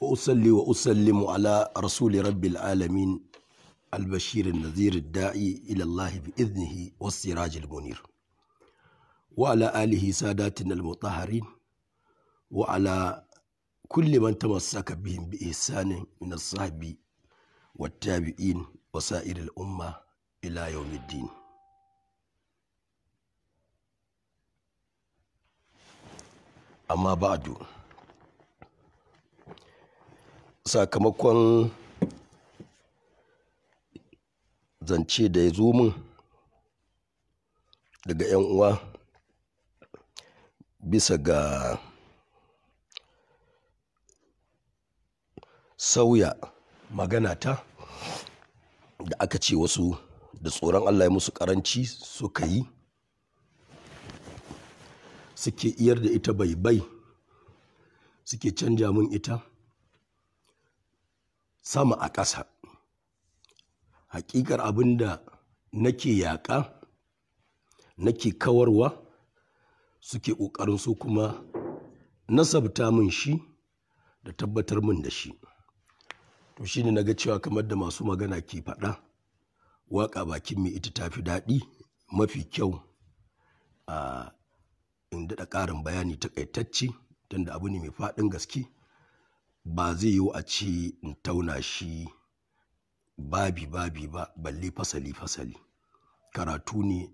وأصلي وأسلم على رسول رب العالمين البشير النذير الداعي إلى الله بإذنه والسراج المنير وعلى آله ساداتنا المطهرين وعلى كل من تمسك بهم بإحسان من الصحب والتابعين وسائر الأمة إلى يوم الدين أما بعد sakamakon zance da ya zo min daga 'yan uwa bisa ga sauya magana ta da aka ce wasu da tsoron Allah ya musu karanci suka yi suke iyar da ita bai bai suke canja min ita sama a ƙasa hakikar abin da nake yaƙa nake kawarwa suke ƙoƙarin su kuma nasabta min shi da tabbatar min da shi to shi ne na ga cewa kamar da masu magana ke faɗa waƙa bakin mai ita tafi daɗi mafi kyau a ah, inda da ƙarin bayani takaitacce tunda abu ne mai faɗin gaske ba zai yiwu a ce in tauna shi babi-babi ba balle fasali-fasali karatu ne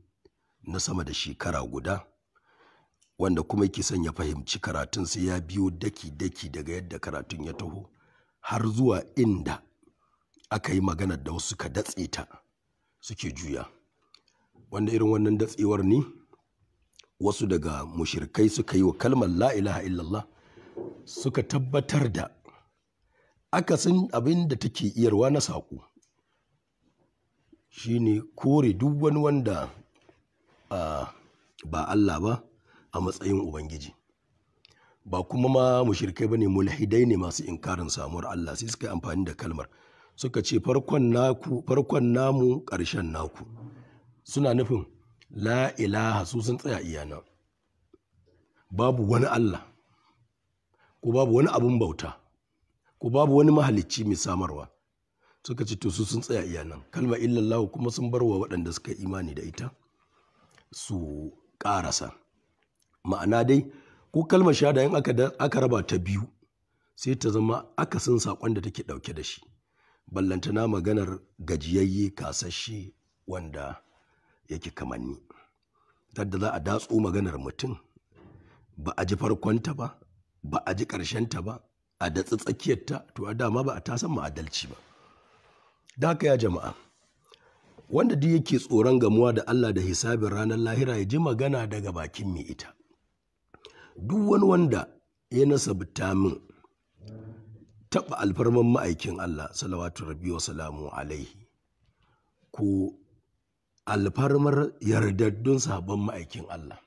na sama da shekara guda wanda kuma yake son ya fahimci karatun sai ya biyo daki-daki daga yadda karatun ya taho har zuwa inda aka yi magana da wasu ka datse ta suke juya wanda irin wannan datsewar ne wasu daga mushirkai suka yi wa kalmar la ilaha illallah suka tabbatar da akasin abin da take iyarwa na saƙo shine kore duk wani wanda ba Allah ba a matsayin Ubangiji ba kuma ma mushrikai ba ne mulhidai ne masu inkarin samuwar Allah sai suka amfani da kalmar suka ce farkon namu karshen naku suna nufin la ilaha su sun tsaya iyana babu wani Allah ko babu wani abin bauta ko babu wani mahalicci mai samarwa suka ce to su sun tsaya iya nan kalma illallahu kuma sun bar wa waɗanda suka imani da ita su ƙarasa ma'ana dai ko kalmar shahada in aka raba ta biyu sai ta zama aka akasin saƙon da take ɗauke da shi ballantana maganar gajiyayye kasashe wanda yake kamanni da za a datso maganar mutum ba a ji farkonta ba ba a ji ƙarshenta ba a da tsakiyarta to a dama ba a ta san ma'adalci ba da haka ya jama'a wanda duk yake tsoron gamuwa da Allah da hisabin ranar lahira ya ji magana daga bakin mai ita duk wani wanda ya nasabta min taɓa alfarman ma'aikin Allah salawatu rabbi wa salamu alaihi ko alfarmar yardaddun sabon ma'aikin Allah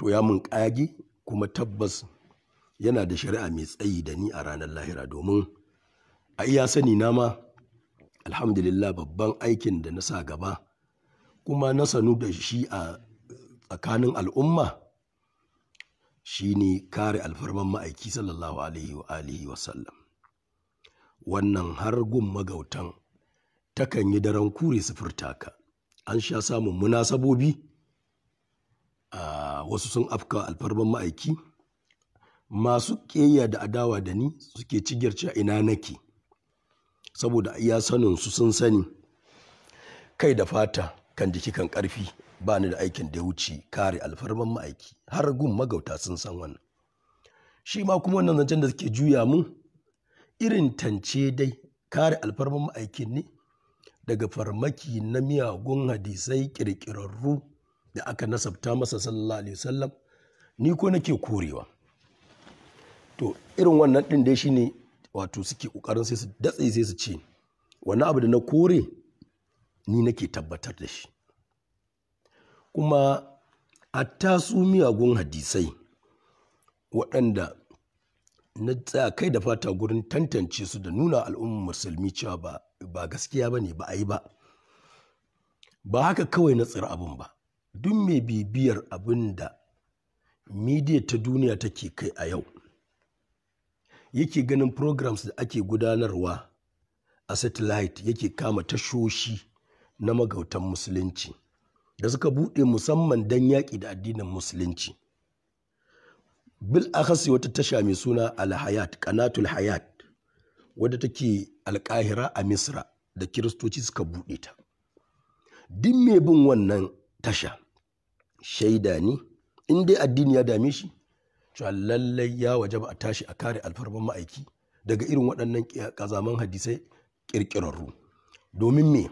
to ya mun ƙage kuma tabbas yana da shari'a mai tsayi da ni a ranar lahira domin a iya sani na ma alhamdulillah babban aikin da na sa gaba kuma na sanu da shi a tsakanin al'umma Shi ne kare alfarman ma'aiki sallallahu alaihi wa alihi wa sallam wannan har gun magautan takan yi daren kure sufurta ka an sha samun munasabobi a wasu sun afka alfarman ma'aiki masu ƙeya da adawa da ni suke cigiyar cewa ina nake saboda iya sanin su sun sani kai da fata kan jiki kan ƙarfi ba ni da aikin da ya wuce kare alfarman ma'aiki har gun magauta sun san wannan shi ma kuma wannan zancen da suke juya mu. irin tance dai kare alfarman ma'aiki ne daga farmaki na miyagun hadisai ƙirƙirarru da aka nasabta masa sallallahu alaihi wasallam ni ko nake korewa to irin wannan ɗin dai shine wato suke ƙoƙarin sai su datse sai su ce wannan abu da na kore ni nake tabbatar da shi kuma a su miyagun hadisai waɗanda na tsaya kai da fata gurin tantance su da nuna al'ummar musulmi cewa ba gaskiya ba ne ba a yi ba ba haka kawai na tsira abin ba duk mai bibiyar abin da midiya ta duniya take kai a yau yake ganin programs da ake gudanarwa a satellite yake kama tashoshi na magautan musulunci da suka buɗe musamman don yaƙi da addinin musulunci bil akasi wata tasha mai suna alhayat kanatul hayat wadda take alkahira a misra da kiristoci suka buɗe ta duk mai bin wannan tasha shaida ne in dai addini ya dame shi cewa lallai ya wajaba a tashi a kare alfarman ma'aiki daga irin waɗannan ƙazaman hadisai ƙirƙirarru domin me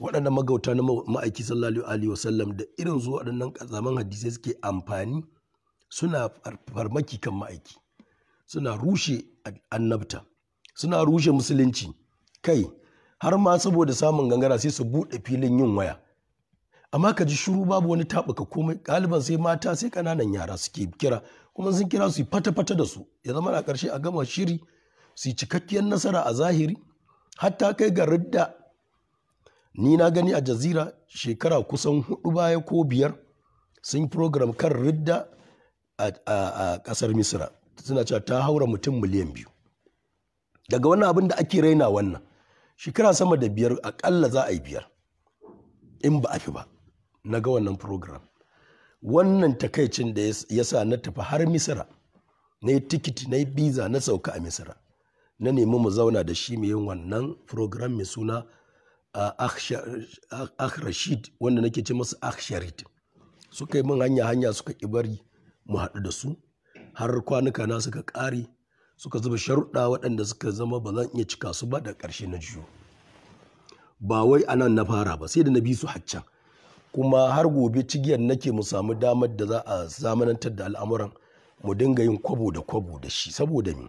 waɗannan magauta na ma'aiki sallallahu alaihi wasallam da irin zuwa waɗannan ƙazaman hadisai suke amfani suna farmaki kan ma'aiki suna rushe annabta suna rushe musulunci kai har ma saboda samun gangara sai su buɗe filin yin waya amma ka ji shuru babu wani taɓuka komai galiban sai mata sai ƙananan yara suke kira kuma sun kira su fata-fata da su ya zama a ƙarshe a gama shiri su cikakkiyar nasara a zahiri hatta kai ga ridda ni na gani a jazira shekara kusan hudu baya ko biyar sun yi program kan ridda a ƙasar misira suna cewa ta haura mutum miliyan biyu daga wannan abin da ake raina wannan shekara sama da biyar akalla za a yi biyar in ba a fi ba na ga wannan program wannan takaicin da ya sa na tafi har misira na yi tikiti na yi biza na sauka a misira na nemi mu zauna da shi mai yin wannan program mai suna akhrashid wanda nake ce masu akh suka yi min hanya hanya suka ki bari mu haɗu da su har kwanuka na suka ƙare suka zuba sharuɗa waɗanda suka zama ba zan iya cika su ba da ƙarshe na jiyo ba wai anan na fara ba sai da na bi su haccan kuma har gobe cigiyar nake mu samu damar da za a zamanantar da al'amuran mu dinga yin kwabo da kwabo da shi saboda ni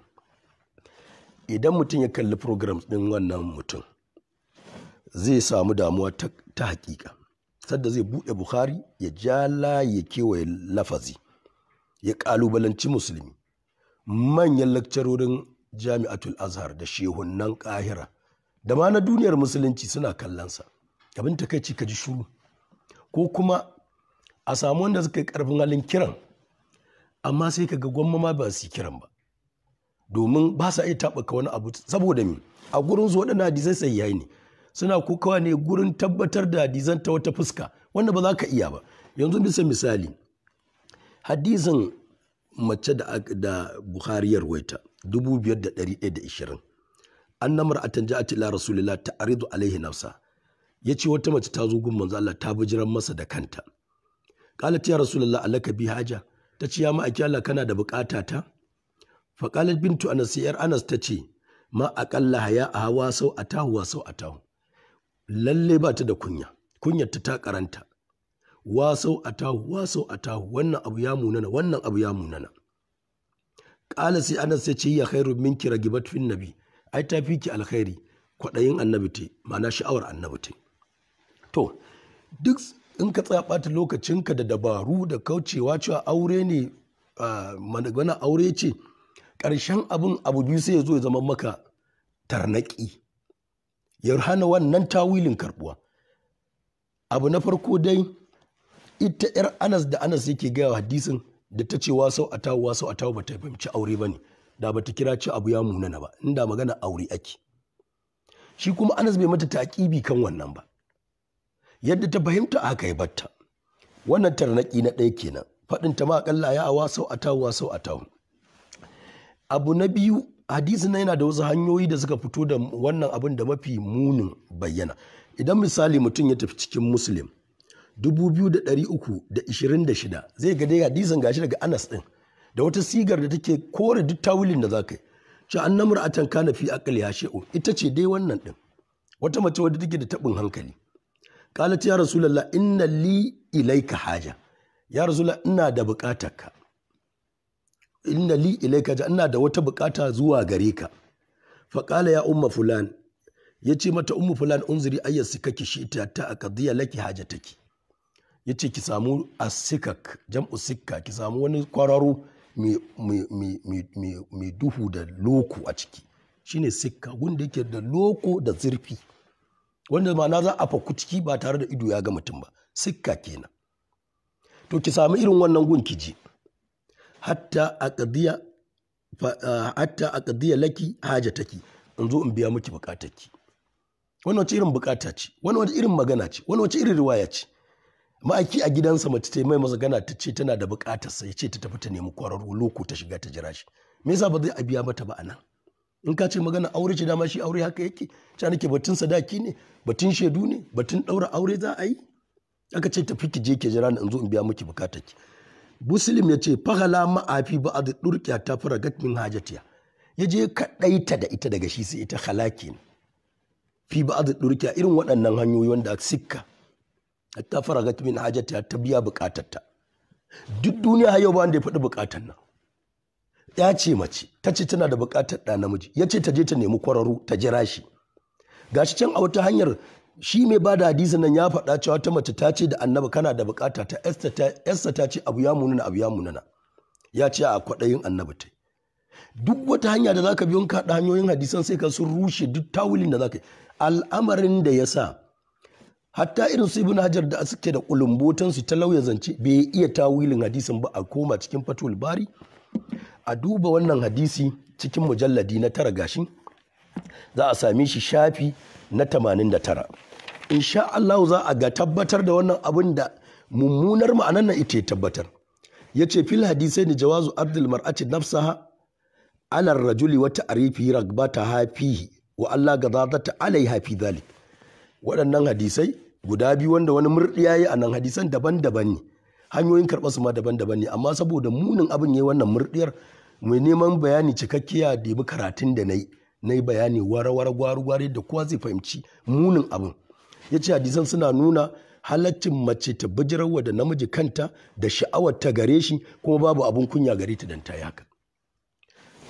idan mutum ya kalli programs ɗin wannan mutum zai samu damuwa ta hakika sadda zai buɗe buhari ya jala ya kewaye lafazi ya ƙalubalanci musulmi manyan lakcarorin jami'atul azhar da shehunan ƙahira da ma na duniyar musulunci suna kallonsa abin takaici ka ji shuru ko kuma a samu wanda suka yi ƙarfin halin kiran amma sai ka ga gwamma ma ba su kiran ba domin ba sa iya taɓaka wani abu saboda me a gurin su waɗanda hadisai sai yayi ne suna kokawa ne gurin tabbatar da hadisan ta wata fuska wanda ba za ka iya ba yanzu bisa misali hadisin mace da da Buhari ya ruwaita 5120 annamar a ja'at ila rasulillah ta'ridu alaihi nafsa ya ce wata mace ta zo gun manzo Allah ta bijiran masa da kanta qalat ya rasulullah alaka bi haja ta ce ya ma'aiki Allah kana da bukata ta fa qalat bintu anas yar anas ta ce ma aqalla haya a hawa sau atahu wasau sau atahu lalle ba ta da kunya kunyar ta ta karanta wa sau atahu wa sau atahu wannan abu ya munana wannan abu ya munana qala sai anas ya ce ya khairu minki ragibat fin nabi ai ta fi ki alkhairi kwaɗayin annabi te ma'ana sha'awar annabi te to duk in ka tsaya ɓata lokacinka da dabaru da kaucewa cewa aure ne wani aure ce ƙarshen abin abu biyu sai ya zo ya zama maka tarnaƙi ya hana wannan tawilin karbuwa abu na farko dai ita 'yar anas da anas yake gaya hadisin da ta ce wasau a tawo wasau a tawo ba ta fahimci aure ba ne da ba ta kira ci abu ya munana ba inda magana aure ake shi kuma anas bai mata taƙibi kan wannan ba yadda ta fahimta aka yi batta wannan tarnaki na ɗaya kenan faɗin ta ma aƙalla ya awa sau atawu wa sau tawa. abu na biyu hadisi na yana da wasu hanyoyi da suka fito da wannan abin da mafi munin bayyana idan misali mutum ya tafi cikin muslim shida zai ga dai hadisin gashi daga anas ɗin da wata sigar da take kore duk tawilin da za ka yi cewa namur atan kana fi akali ya she'u ita ce dai wannan ɗin. wata mace wadda take da taɓin hankali qalat ya rasulullah inna li ilayka haja ya rasulullah ina da bukatarka inna li ilayka ina da wata bukata zuwa gare ka fa qala ya umma fulan yace mata ummu fulan unzuri ayyasika shi ta aqdiya laki hajataki yace ki samu asikak jam'u sikka ki samu wani kwararo mai duhu da loko a ciki shine sikka wanda yake da loko da zurfi wanda na za a faku ciki ba tare da ido ya ga mutum ba sikka kenan to ki samu irin wannan gun ki je hatta aqdiya hatta aqdiya laki hajataki in zo in biya miki bukatarki wannan wace irin bukata ce wannan wace irin magana ce wannan wace irin riwaya ce ma'aiki a gidansa mace ta mai magana ta ce tana da bukatar sai ce ta tafi ta nemi kwararru loko ta shiga ta jira shi me yasa ba zai a biya mata ba anan in ka ce magana aure ce dama shi aure haka yake ca nake batun sadaki ne batun shaidu ne batun ɗaura aure za a yi aka ce tafi ki je ke jira na in zo in biya miki bukatar ki muslim ya ce fahala ma'afi ba a durkiya ta faragat min hajatiya ya je kaɗaita da ita daga shi sai ita halaki ne fi ba a durkiya irin waɗannan hanyoyi wanda sikka ta fara min hajatiya ta biya bukatarta duk duniya har yau ba wanda ya faɗi bukatar nan ya ce mace ta ce tana da bukatar ɗa namiji ya ce ta je ta nemi kwararru ta jira shi gashi can a wata hanyar shi mai ba da hadisin nan ya faɗa cewa ta mace ta ce da annabi kana da bukata ta esta ta ce abu ya munana abu ya munana ya ce a kwaɗayin annabi ta duk wata hanya da zaka biyo ka hanyoyin hadisan sai ka sun rushe duk tawulin da zaka yi al'amarin da ya sa hatta irin su ibn hajar da suke da kulumbotan ta lauya zance bai iya tawilin hadisin ba a koma cikin fatul bari a duba wannan hadisi cikin mujalladi na tara gashi za a same shi shafi na tamanin 89 insha Allah za a ga tabbatar da wannan abin da mummunar ma'anar nan ita ya tabbatar yace fil hadisai ni jawazu abdul mar'ati nafsaha ala rajuli wa ta'rifi ragbata hafihi wa Allah gadadata alaiha fi dhalik waɗannan hadisai guda biyu wanda wani murɗi yayi a nan hadisan daban-daban ne hanyoyin karɓar su ma daban-daban ne amma saboda munin abin ya yi wannan murɗiyar mai neman bayani cikakkiya da bi karatun da na yi na yi bayani warawar gwari-gwari da kowa zai fahimci munin abin ya ce hadisan suna nuna halaccin mace ta bijirarwa da namiji kanta da sha'awar ta gare shi kuma babu abin kunya gare ta dan ta yi haka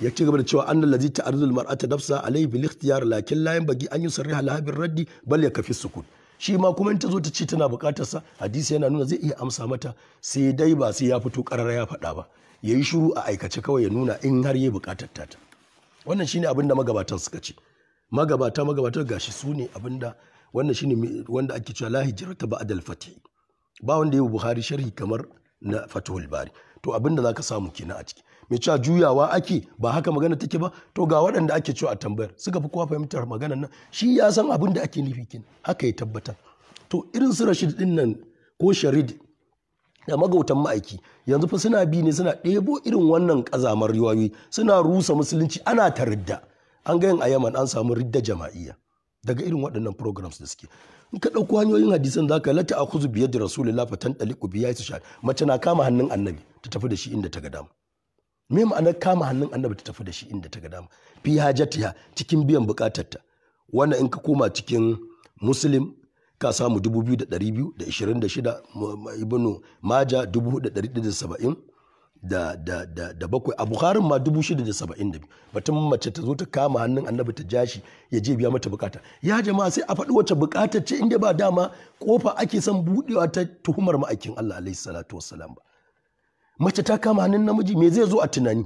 ya ci gaba da cewa annal ta arzul mar'ata nafsa alayhi bil ikhtiyar lakin la yanbaghi an yi laha halabin raddi bal ya yakfi sukun shi ma kuma ta zo ta ce tana buƙatar sa hadisi yana nuna zai iya amsa mata sai dai ba sai ya fito ƙarara ya faɗa ba ya yi shuru a aikace kawai ya nuna in har ya buƙatar ta wannan shine abin da magabatan suka ce magabata ga gashi su ne abin da wannan shine wanda ake cewa la hijrata ba'da al-fatih ba wanda ya buhari sharhi kamar na fatuhul bari to abin da zaka samu kenan a ciki me cewa juyawa ake ba haka magana take ba to ga waɗanda ake cewa a tambayar suka fi kowa fahimtar magana nan shi ya san abin da ake nufi kin haka ya tabbatar to irin su rashid din nan ko sharid da magautan ma'aiki yanzu fa suna bi ne suna ɗebo irin wannan ƙazamar riwayoyi suna rusa musulunci ana ta ridda an ga yin a yaman an samu ridda jama'iyya daga irin waɗannan programs da suke in ka ɗauko hanyoyin hadisan za ka lati a kuzu biyar da rasulullah fatan ɗaliku biya su sha mace na kama hannun annabi ta tafi da shi inda ta ga dama me ma'anar kama hannun annabi ta tafi da shi inda ta ga dama fi ya cikin biyan bukatarta wanda in ka koma cikin muslim ka samu 2226 ibnu maja 4170 da da da da bakwai a bukharin ma dubu batun mace ta zo ta kama hannun annabi ta jashi ya je biya mata bukata ya jama'a sai a faɗi wacce bukatar ce inda ba dama kofa ake son budewa ta tuhumar ma'aikin Allah alaihi ba mace ta kama hannun namiji me zai zo a tunani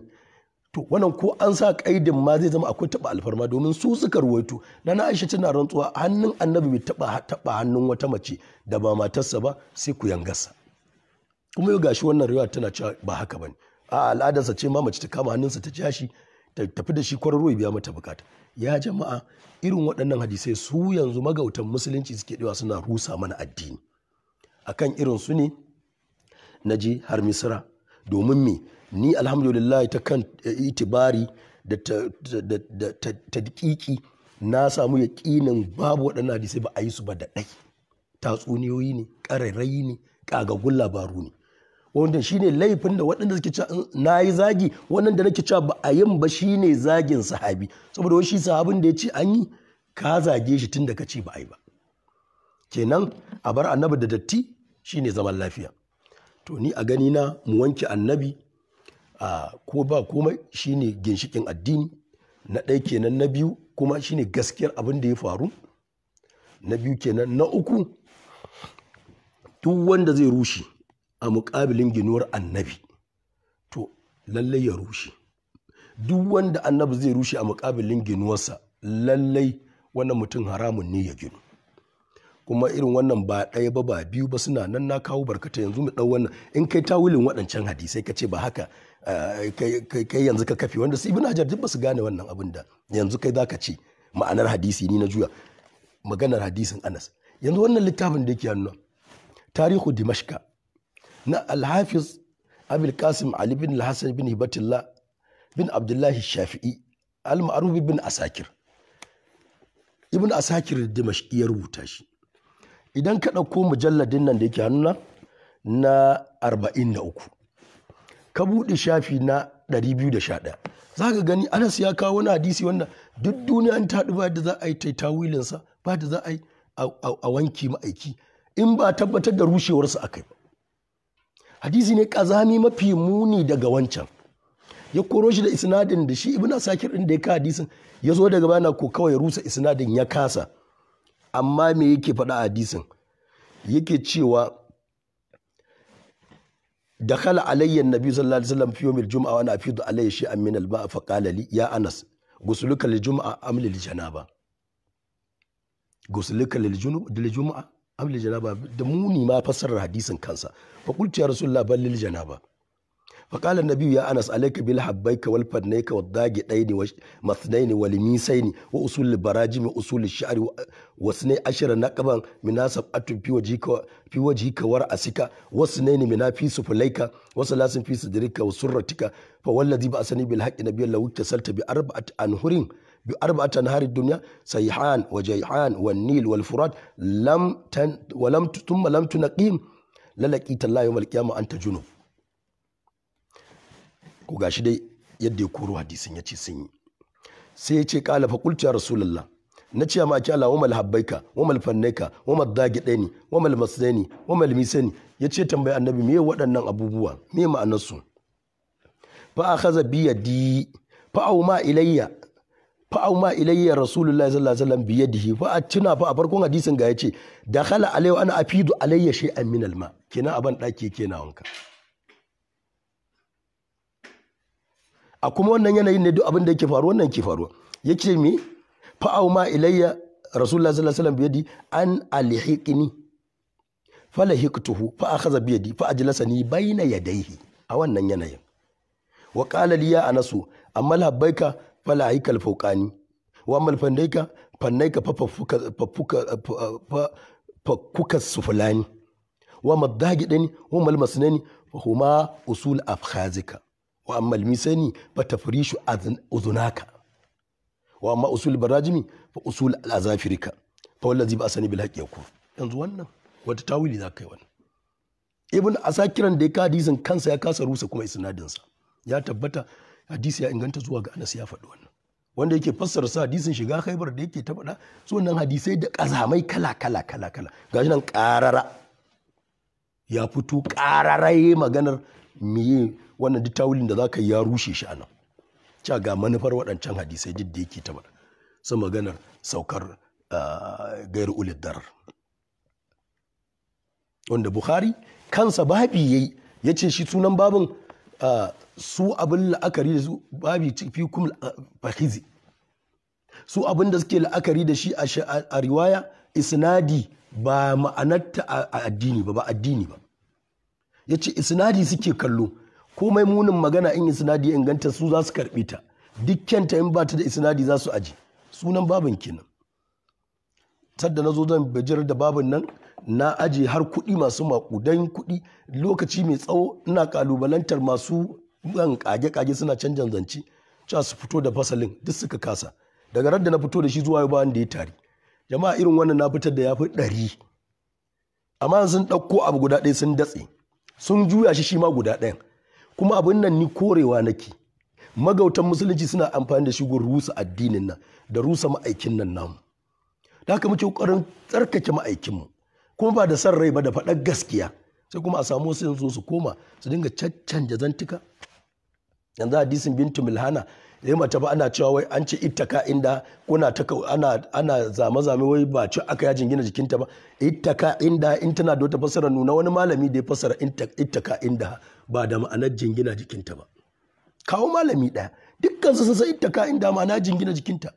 to wannan ko an sa kaidin ma zai zama akwai taba alfarma domin su suka ruwaito dan Aisha tana rantsuwa hannun Annabi bai taba taba hannun wata mace da ba matarsa ba sai ku yangasa kuma yau gashi wannan riwaya tana cewa ba haka bane a al'adarsa ce ma mace ta kama hannunsa ta ja shi ta tafi da shi kwararo ya biya mata bukata ya jama'a irin waɗannan hadisai su yanzu magautan musulunci suke dawa suna rusa mana addini akan irin su ne na je har misra domin me ni alhamdulillah ta kan eh, itibari da kiki na samu yaƙinin babu waɗannan hadisai ba a yi su ba da ɗai tatsuniyoyi ne ƙarairayi ne ƙagaggun labaru ne wanda ne laifin da waɗanda suke cewa na yi zagi wannan da nake cewa ba a yin ba shine zagin sahabi saboda wani shi sahabin da ya ce an yi ka zage shi tun da ka ce ba a yi ba kenan a bar annabi da datti shine zaman lafiya to ni a gani na mu wanke annabi a ko ba komai shine ginshikin addini na ɗaya kenan na biyu kuma shine gaskiyar abin da ya faru na biyu kenan na uku duk wanda zai rushe a muƙabilin ginuwar annabi to lallai ya rushe duk wanda annabi zai rushe a mukabilin ginuwarsa lallai wannan mutum haramun ne ya ginu kuma irin wannan ba ɗaya ba ba biyu ba suna nan na kawo barkata yanzu mu ɗau wannan in kai tawilin waɗancan hadisai ka ce ba haka eh, kai yanzu ka kafe wanda su ibn hajar duk ba su gane wannan abin da yanzu kai za ka ce ma'anar hadisi ni na juya maganar hadisin anas yanzu wannan littafin da yake hannu tarihu dimashka na alhafiz abil qasim ali bin al bin hibatullah bin abdullahi shafi'i al-ma'ruf bin asakir ibn asakir dimashki ya rubuta shi idan ka ɗauko mujalladin nan da yake hannuna na 43 ka buɗe shafi na 211 za ka gani anas ya kawo wani hadisi wanda duk duniya ta taɗu ba da za a yi tawilinsa ba da za a yi a wanki ma'aiki in ba tabbatar da rushewarsa a kai hadisi ne ƙazami mafi muni daga wancan ya koro shi da isnadin da shi ibn sakir ɗin da ya ka hadisin ya zo daga bana ko kawai rusa isnadin ya kasa amma me yake faɗa hadisin yake cewa da kala alayyan nabi sallallahu alaihi wasallam fi juma'a wani wa nafidu alayhi shay'an min alba ya anas gusuluka lil juma'a am lil janaba gusluka lil lil janaba da muni ma fassarar hadisin kansa fa qultu rasulullah lil janaba فقال النبي يا أنس عليك بالحبيك والفنيك والضاجئين والمثنين والميسين وأصول البراجم وأصول الشعر وسني عشر نقبا من سبعة في وجهك في وجهك ورأسك وسنين منها في سفليك وثلاث في صدرك وسرتك فوالذي بأسني بالحق نبيا لو اتصلت بأربعة أنهر بأربعة أنهار الدنيا سيحان وجيحان والنيل والفرات لم تن ولم ثم لم تنقيم للقيت الله يوم القيامة أنت جنوب ko gashi dai yadda ya koro hadisin ya ce sun yi sai ya ce kala fa qultu ya rasulullah na ce ma kyala wa mal habbaika wa mal fannaika wa mal dagidaini wa mal masdaini wa mal misani yace tambayi annabi me waɗannan abubuwa me ma'anar su fa akhadha bi yadi fa auma ilayya fa auma ilayya rasulullah sallallahu alaihi wasallam bi yadihi fa tuna fa a farkon hadisin ga yace dakhala alayhi ana afidu alayya shay'an min alma kina aban daki kenan wanka a kuma wannan yanayin ne duk abin da yake faru wannan ke faruwa Ya ce me fa'au ma ilayya rasulullah sallallahu alaihi wasallam biyadi an fa lahiqtuhu fa akhadha biyadi fa ajlasani bayna yadayhi a wannan yanayin wa qala li ya anasu amma labbaika la haikal fawqani wa amma fandaika fannaika fa fafuka fafuka sufulani wa madhagidani wa malmasnani fa huma usul afkhazika wa amma almisani fa tafrishu uzunaka wa amma usul barajimi fa usul alazafirika fa wallazi ba asani bil haqqi yakun yanzu wannan wata tawili za ka yi wannan ibn asakiran da ya ka hadisin kansa ya kasa rusa kuma isnadinsa ya tabbata hadisi ya inganta zuwa ga anas ya faɗi wannan wanda yake fassara sa hadisin shiga haibar da yake ta faɗa su wannan hadisai da ƙazamai kala kala kala kala gashi nan ƙarara ya fito ƙarara maganar miye wannan duk tawilin da zaka yi ya rushe shi anan cewa ga manufar waɗancan hadisai duk da yake ta su maganar saukar ah, gair ulidar wanda bukhari kansa babi yayi ya ce shi sunan babin ah, su abin la'akari da su babi fi kum ah, fahizi su abin da suke la'akari da shi a riwaya isnadi ba ma'anarta a addini ba ba addini ba ya ce isnadi suke kallo komai munin magana in isnadi ya inganta su za su karɓe ta dukkanta in ba ta da isnadi za su aji sunan babin kenan tadda na zo zan bajir da babin nan na aje har kuɗi masu makudan kuɗi lokaci mai tsawo ina kalubalantar masu ɗan kage kage suna canjan zance cewa su fito da fasalin duk suka kasa daga radda na fito da shi zuwa bayan da ya tari jama'a irin wannan na fitar da ya fi ɗari amma sun ɗauko abu guda ɗaya sun datse sun juya shi shi ma guda daya. kuma abin nan ni korewa nake magautan musulunci suna amfani da gurin rusa addinin nan da rusa ma'aikin nan namu da haka muke ƙoƙarin tsarkake ma'aikinmu kuma ba da san rai ba da faɗar gaskiya sai kuma a samu wasu yanzu su koma su dinga caccanja zantuka yanzu hadisin bintu milhana sai eh, mace ba ana cewa wai an ce ittaka inda kuna ta ana ana zame zame wai ba ci aka yajin gina jikinta ba ittaka inda in tana da wata fassara nuna wani malami da ya fassara ittaka inda ba da ma'anar jingina jikinta ba kawo malami ɗaya dukkan su sai ittaka inda ma'ana jingina jikinta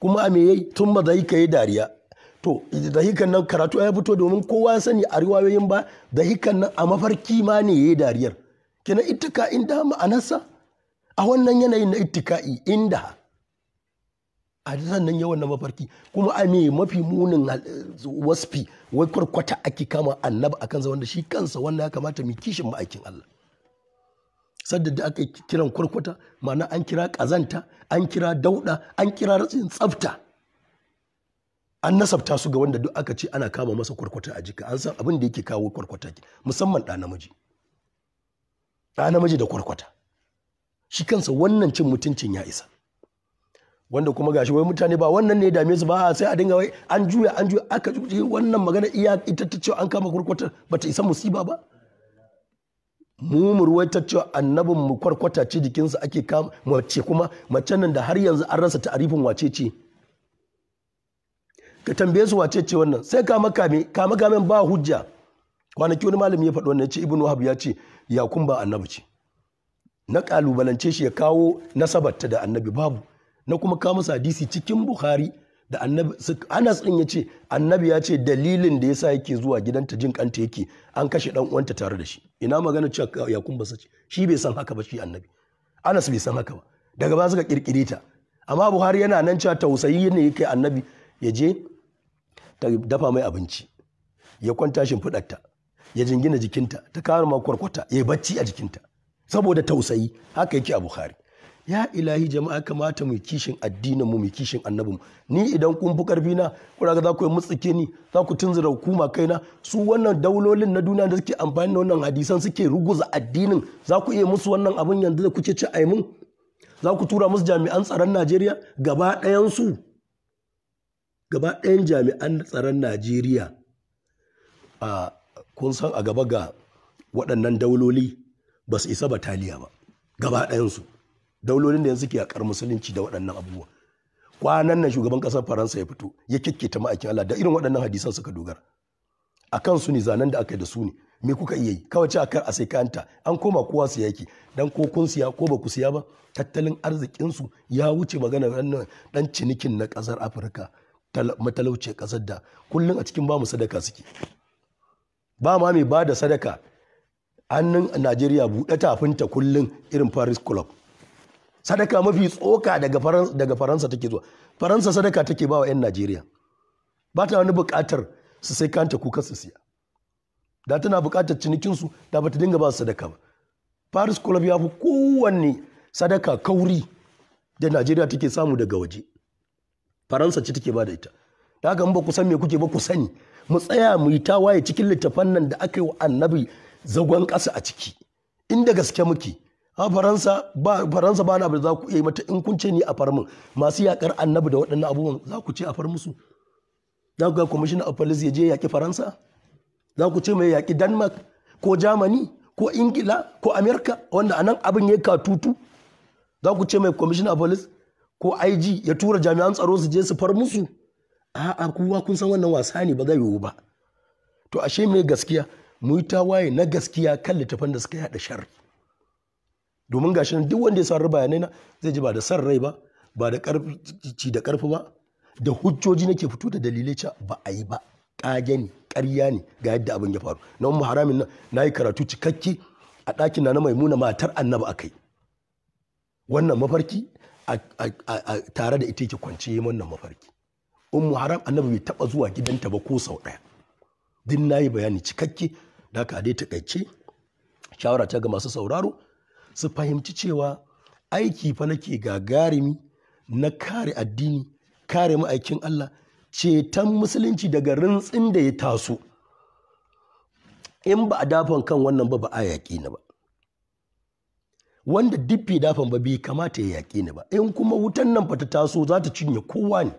kuma a me yayi tun ba zai kai dariya to dahikan nan karatu ya fito domin kowa ya sani a riwayoyin ba dahikan nan a mafarki ma ne yayi dariyar kenan ittaka inda ma'anarsa a wannan yanayi na ittika'i inda a sannan yawan na mafarki kuma a me mafi munin wasfi wai kwarkwata ake kama annaba a kansa wanda shi kansa wannan ya kamata mu kishin ma'aikin Allah sadda da aka kiran kwarkwata ma'ana an kira kazanta an kira dauda an kira ratsin tsafta an nasabta su ga wanda duk aka ce ana kama masa kwarkwata a jika an san abin da yake kawo kwarkwata musamman ɗa namiji ɗa namiji da kwarkwata shi kansa wannan cin mutuncin ya isa wanda kuma gashi wai mutane ba wannan ne dame su ba sai a dinga wai an juya an juya aka juya wannan magana iya ita ta cewa an kama kurkwata bata isa musiba ba mu mu ta cewa annabin mu kwarkwata ce jikinsa ake kama mace kuma mace nan da har yanzu an rasa ta'arifin wace ce ka tambaye su wace ce wannan sai kama kame kama kamen ba hujja kwanaki wani malami ya faɗi wannan ya ce ibnu wahab ya ce yakun ba annabi ce na kalubalance shi ya kawo nasabarta da annabi babu na kuma kawo masa hadisi cikin bukhari da annabi anas din yace annabi ya ce dalilin da yasa yake zuwa gidanta jin kanta yake an kashe dan uwanta tare da shi ina magana cewa ya ba basa shi bai san haka ba shi annabi anas bai san haka ba daga ba suka kirkire ta amma buhari yana nan cewa tausayi ne yake annabi ya je ta dafa mai abinci ya kwanta shimfiɗarta ya jingina jikinta ta kama kwarkwata ya yi bacci a jikinta saboda tausayi haka yake a bukhari ya ilahi jama'a kamata mu kishin addinin mu mu kishin annabin ni idan kun fi karfi na kuna ga za ku yi mutsike ni za ku tunzura hukuma kaina su wannan daulolin na duniya da suke amfani da wannan hadisan suke ruguza addinin za ku iya musu wannan abin yanzu da kuke ci ai mun za ku tura musu jami'an tsaron Najeriya gaba ɗayan su gaba ɗayan jami'an tsaron Najeriya a kun san a gaba ga waɗannan dauloli ba su isa bataliya ba gaba ɗayansu daulolin da yanzu ke yakar musulunci da waɗannan abubuwa kwanan nan shugaban ƙasar faransa ya fito ya kikkita ma'aikin allah da irin waɗannan hadisan suka dogara a kan su ne zanen da aka yi da su ne me kuka iya yi kawai ce kar a sai kanta an koma kowa su yaki dan ko kun siya ko ba ku siya ba tattalin arzikinsu ya wuce magana dan cinikin na ƙasar afirka matalauce ƙasar da kullum a cikin ba mu sadaka suke ba ma mai ba da sadaka hannun najeriya buɗe tafinta kullum irin paris club sadaka mafi tsoka daga faransa take zuwa faransa sadaka take ba wa 'yan najeriya ba ta wani buƙatar su sai kanta kuka su siya da tana buƙatar cinikinsu da ba ta dinga ba su sadaka ba paris club ya fi kowanne sadaka kauri da najeriya take samu daga waje faransa ce take ba da ita da haka ba ku san me kuke ba ku sani mu tsaya mu yi tawaye cikin littafan nan da aka yi wa annabi zagon ƙasa a ciki inda gaske muke a faransa ba faransa ba na da za ku yi mata in kun ce ni a farmin masu yakar annabi da waɗannan abubuwan za ku ce a far musu za ku ga commissioner of police ya je yaƙi faransa za ku ce mai yaƙi denmark ko germany ko ingila ko america wanda anan abin ya tutu za ku ce mai commissioner of police ko ig ya tura jami'an tsaro su je su far musu a'a kowa kun san wannan wasa ne ba zai yiwu ba to ashe mai gaskiya mu yi tawaye na gaskiya kan littafan da suka yada shar domin gashi nan duk wanda ya san bayanai na zai ji ba da san rai ba ba da karfi da karfi ba da hujjoji nake fito da dalilai cewa ba a yi ba kage ne ƙarya ne ga yadda abin ya faru na mu haramin nan na yi karatu cikakke a ɗakin na na maimuna matar annabi akai wannan mafarki tare da ita yake kwance yi wannan mafarki ummu haram annabi bai taba zuwa gidanta ba ko sau ɗaya din nayi bayani cikakke da ka dai takaice shawara ta ga masu sauraro su fahimci cewa aiki fa nake gagarumi na kare addini kare ma'aikin Allah cetan musulunci daga rintsin da ya taso in ba a dafan kan wannan ba ba a yaƙi ni ba wanda duk bai dafan ba bai kamata ya yaƙi ni ba in kuma wutan nan ba ta taso za ta cinye kowa ne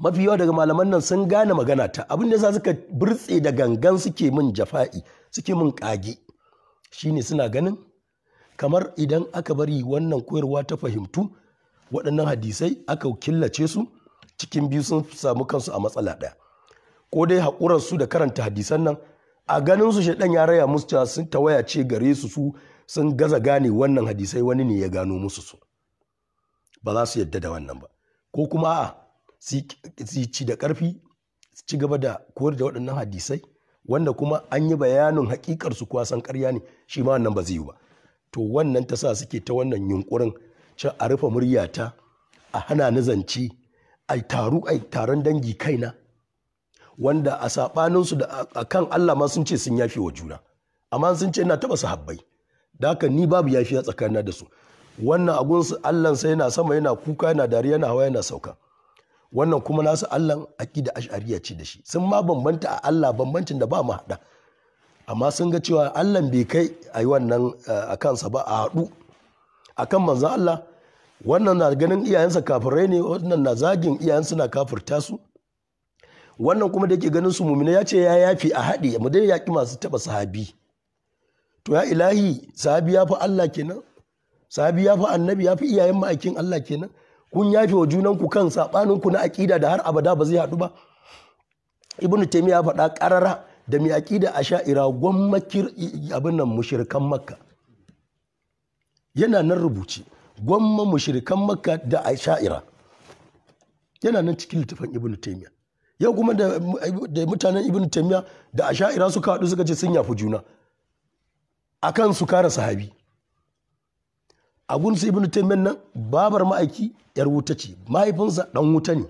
mafi yawa daga malaman nan sun gane magana ta abin da yasa suka burtse da gangan suke min jafa'i suke min kage shine suna ganin kamar idan aka bari wannan koyarwa ta fahimtu waɗannan hadisai aka killace su cikin biyu sun samu kansu a matsala ɗaya ko dai haƙurarsu da karanta hadisan nan a ganin su shaɗan ya raya musu cewa sun waya ce gare su su sun gaza gane wannan hadisai wani ne ya gano musu su ba za su yadda da wannan ba ko kuma a'a su ci da ƙarfi su ci gaba da koyar da waɗannan hadisai wanda kuma an yi bayanin hakikar su kwasan karya ƙarya ne shi ma wannan ba zai yi ba to wannan ta sa suke ta wannan yunkurin can a rufe muryata a hana na zance a taru a taron dangi kaina wanda a saɓaninsu da a kan Allah ma sun ce sun yafe wa juna amma sun ce ina taɓa Habbai. da haka ni babu yafiya tsakanin da su wannan agunsu Allah sai yana sama yana kuka yana dariya yana hawa yana sauka wannan kuma nasu allan aƙida ash'ariya ce da shi sun ma bambanta a allah bambancin da ba mu haɗa amma sun ga cewa allan bai kai a yi wannan eh, a kansa ba a haɗu a kan manzan allah wannan na ganin iyayensa kafirai ne wannan na zagin iyayensu na kafirta su wannan kuma da yake ganin su mumina ya ce ya yafi a haɗe mu dai yaƙi masu taɓa sahabi to ya ilahi sahabi ya fi allah kenan sahabi ya fi annabi ya fi iyayen ma'aikin allah kenan kun yafe wa junanku kan saɓaninku na aƙida da har abada ba zai haɗu ba ibnu ya faɗa ƙarara da mai aƙida a sha'ira gwammakir abin nan mushirikan makka yana nan rubuci gwamma mushirikan makka da a sha'ira yana nan cikin littafin ibnu taimiyya yau kuma da mutanen ibnu taimiyya da a sha'ira suka haɗu suka ce sun yafi juna akan su kara sahabi a su ibnu taimiyar nan babar ma'aiki yar wuta ce mahaifinsa dan wuta ne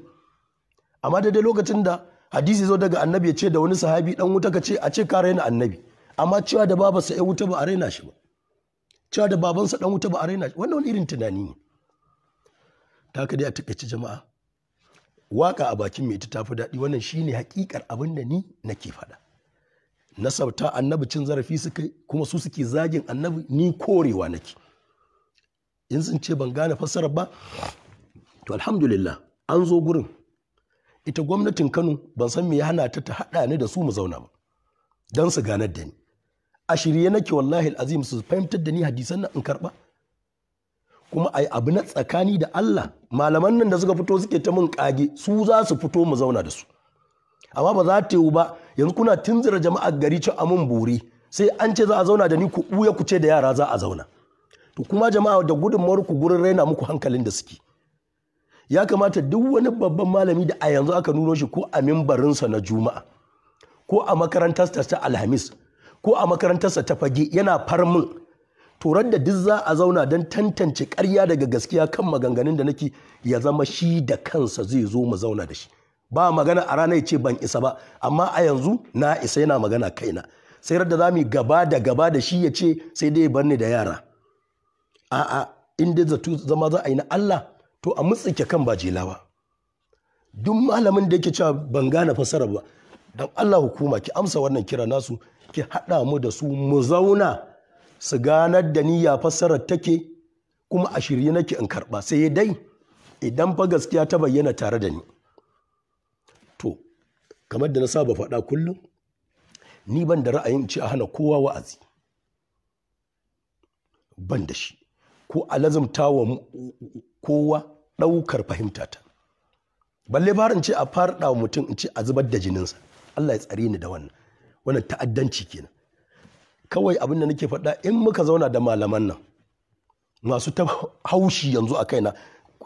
amma daidai lokacin da hadisi zo daga annabi ya ce da wani sahabi dan wuta ka ce a ce ka raina annabi amma cewa da babarsa ya wuta ba a raina shi ba cewa da babansa dan wuta ba a raina shi wannan wani irin tunani ne ta ka dai a takaice jama'a waka a bakin mai ta fi daɗi wannan shine hakikar abin da ni nake faɗa nasabta annabi cin zarafi su kai kuma su suke zagin annabi ni korewa nake in sun ce ban gane fassara ba to alhamdulillah an zo gurin ita gwamnatin kano ban san me ya hana ta ta haɗa ni da su mu zauna ba don su ganar da ni a shirye nake wallahi azim su fahimtar da ni hadisan nan in karɓa kuma ai abu na tsakani da Allah malaman nan da suka fito suke ta mun kage su za su fito mu zauna da su amma ba za ta yiwu ba yanzu kuna tunzura jama'ar gari cin amin buri sai an ce za a zauna da ni ku ɓuya ku ce da yara za a zauna to kuma jama'a da gudunmawar ku gurin raina muku hankalin da suke ya kamata duk wani babban malami da a yanzu aka nuno shi ko a mimbarinsa na juma'a ko a makarantarsa ta alhamis ko a makarantarsa ta fage yana farmin turar da duk za a zauna don tantance karya daga gaskiya kan maganganun da nake ya zama shi da kansa zai zo mu zauna da shi ba magana a ranar ce ban isa ba amma a yanzu na isa yana magana kaina sai da za mu gaba da gaba da shi ya ce sai dai bar ni da yara a'a in dai zato zama za a yi na Allah to a mutsike kan ba jela duk malamin da yake cewa ban gane fasara ba don Allah hukuma ki amsa wannan kira nasu ki haɗa mu da su mu zauna su ganar da ni ya fasara take kuma a shirye nake in karɓa sai dai idan fa gaskiya ta bayyana tare da ni to kamar da na saba faɗa kullum ni ban da ra'ayin ci a hana kowa wa'azi ban da shi ko a lazumta wa kowa ɗaukar fahimta ta balle in ce a farɗa wa mutum in ce a zubar da jininsa Allah ya tsare ni da wannan wannan ta'addanci kenan kawai abin da nake faɗa in muka zauna da malaman nan masu ta haushi yanzu a kaina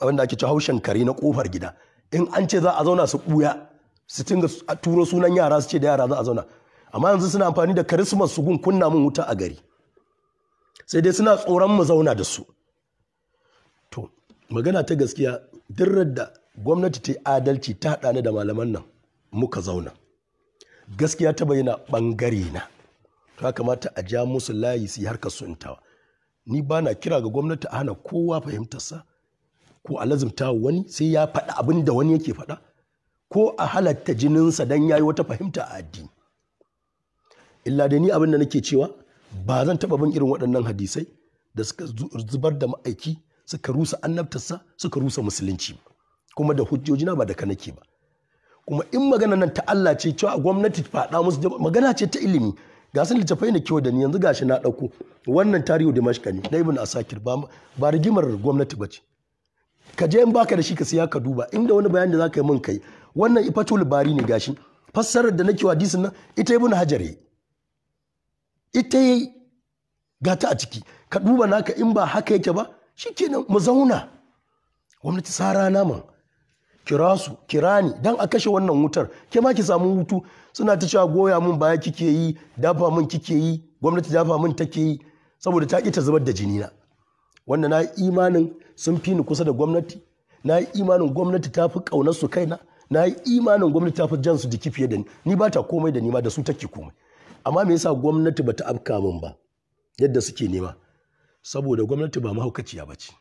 wanda ake ci haushen kare na kofar gida in an ce za a zauna su ɓuya su tinga a turo sunan yara su ce da yara za a zauna amma yanzu suna amfani da christmas su gun kunna mun wuta a gari sai dai suna tsoron mu zauna da su magana ta gaskiya dirar da gwamnati ta yi adalci ta haɗa ni da malaman nan muka zauna gaskiya ta bayyana ɓangare na ta kamata a ja musu layi su yi harkar suntawa ni ba na kira ga gwamnati a hana kowa fahimtarsa ko a lazimta wani sai ya faɗa abin da wani yake faɗa ko a halatta jininsa don ya yi wata fahimta a addini illa da ni abin da nake cewa ba zan taɓa bin irin waɗannan hadisai da suka zubar da ma'aiki suka rusa annabtarsa suka rusa musulunci kuma da hujjojina ba da ka nake ba kuma in magana nan ta Allah ce cewa gwamnati faɗa musu magana ce ta ilimi ga sun littafai na kyau da ni yanzu gashi na ɗauko wannan tarihi da mashka ne na ibn asakir ba rigimar gwamnati ba ce ka je in baka da shi ka siya ka duba inda wani bayani da zaka yi min kai wannan ifatul bari ne gashi fassarar da nake wa hadisin nan ita ibn hajar ita yi gata a ciki ka duba naka in ba haka yake ba shikenan mu zauna gwamnati tsara naman kira su kira ni dan a kashe wannan wutar ke ma ki samu hutu suna ta cewa goya mun baya kike yi dafa mun kike yi gwamnati dafa mun take yi saboda ta ki zubar da jini na wanda na imanin sun fi ni kusa da gwamnati na imanin gwamnati ta fi kaunar su kaina na yi imanin gwamnati ta fi jan su jiki fiye da ni ni ba ta komai da ni ma da su take komai amma me yasa gwamnati bata afka min ba yadda suke nema saboda gwamnati ba mahaukaciya ba ce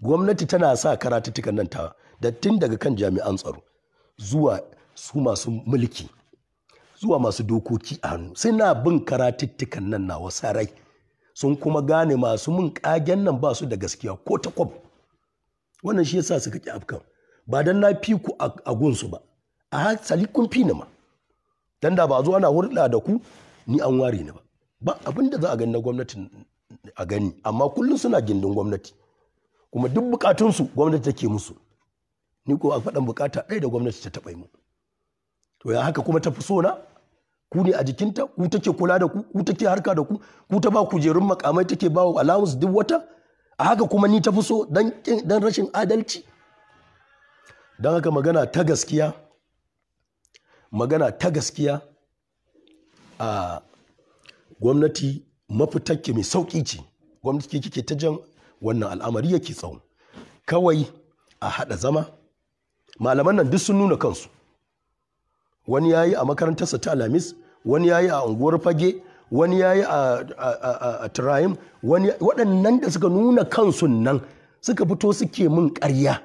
gwamnati tana sa karatuttukan nan ta da tun daga kan jami'an tsaro zuwa su masu mulki zuwa masu dokoki a hannu suna bin karatuttukan nan na wasa rai sun kuma gane masu mun kagen nan ba su da gaskiya ko ta kwab wannan shi yasa suka ki afkan ba dan na fi ku a gunsu ba a hasali kun fi ni ma dan da ba zo ana hurɗa da ku ni an ware ni ba ba abin da za a gani na gwamnatin a gani amma kullum suna gindin gwamnati kuma duk bukatunsu gwamnati take musu ni ko a faɗin bukata ɗaya da gwamnati ta taɓa mu to ya haka kuma ta tafi sona ku ne a jikinta ku take kula da ku ku take harka da ku ku ta ba kujerun makamai take ba wa duk wata a haka kuma ni tafi so dan rashin adalci don haka magana ta gaskiya magana ta gaskiya a ah, gwamnati mafitarki mai sauƙi ce gwamnati kike ta jan wannan al'amari yake tsawo kawai a haɗa zama malaman nan duk sun nuna kansu wani yayi a makarantarsa ta alamis wani yayi a unguwar fage wani yayi a tirayim wani waɗannan da suka nuna kansu nan suka fito suke mun ƙarya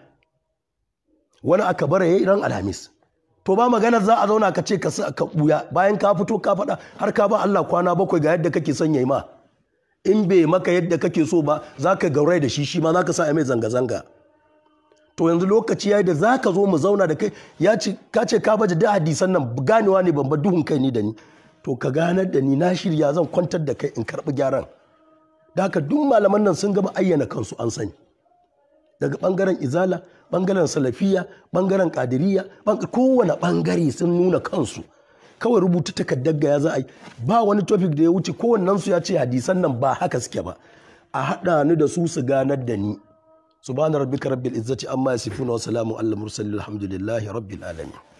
wani aka bara yayi ran alhamis to ba magana za a zauna ka ce ka sa ka buya bayan ka fito ka faɗa har ka ba Allah kwana bakwai ga yadda kake son yayi ma in bai maka yadda kake so ba za ka gaurai da shi shi ma za ka sa mai zanga-zanga to yanzu lokaci yayi da za ka zo mu zauna da kai ya ce ka ce ka baje da hadisan nan ganewa ne ban ba duhun kai ni da ni to ka ganar da ni na shirya zan kwantar da kai in karɓi gyaran da haka duk malaman nan sun gama ayyana kansu an sani daga bangaren izala bangaren salafiya bangaren kadiriya kowane bangare sun nuna kansu kawai rubuta takardar ga ya za a yi ba wani topic da ya wuce kowannen su ya ce hadisan nan ba haka suke ba a haɗa ni da su su ganar da ni subhana rabbika rabbil izzati amma yasifuna wa salamun alal mursalin alhamdulillahi rabbil alamin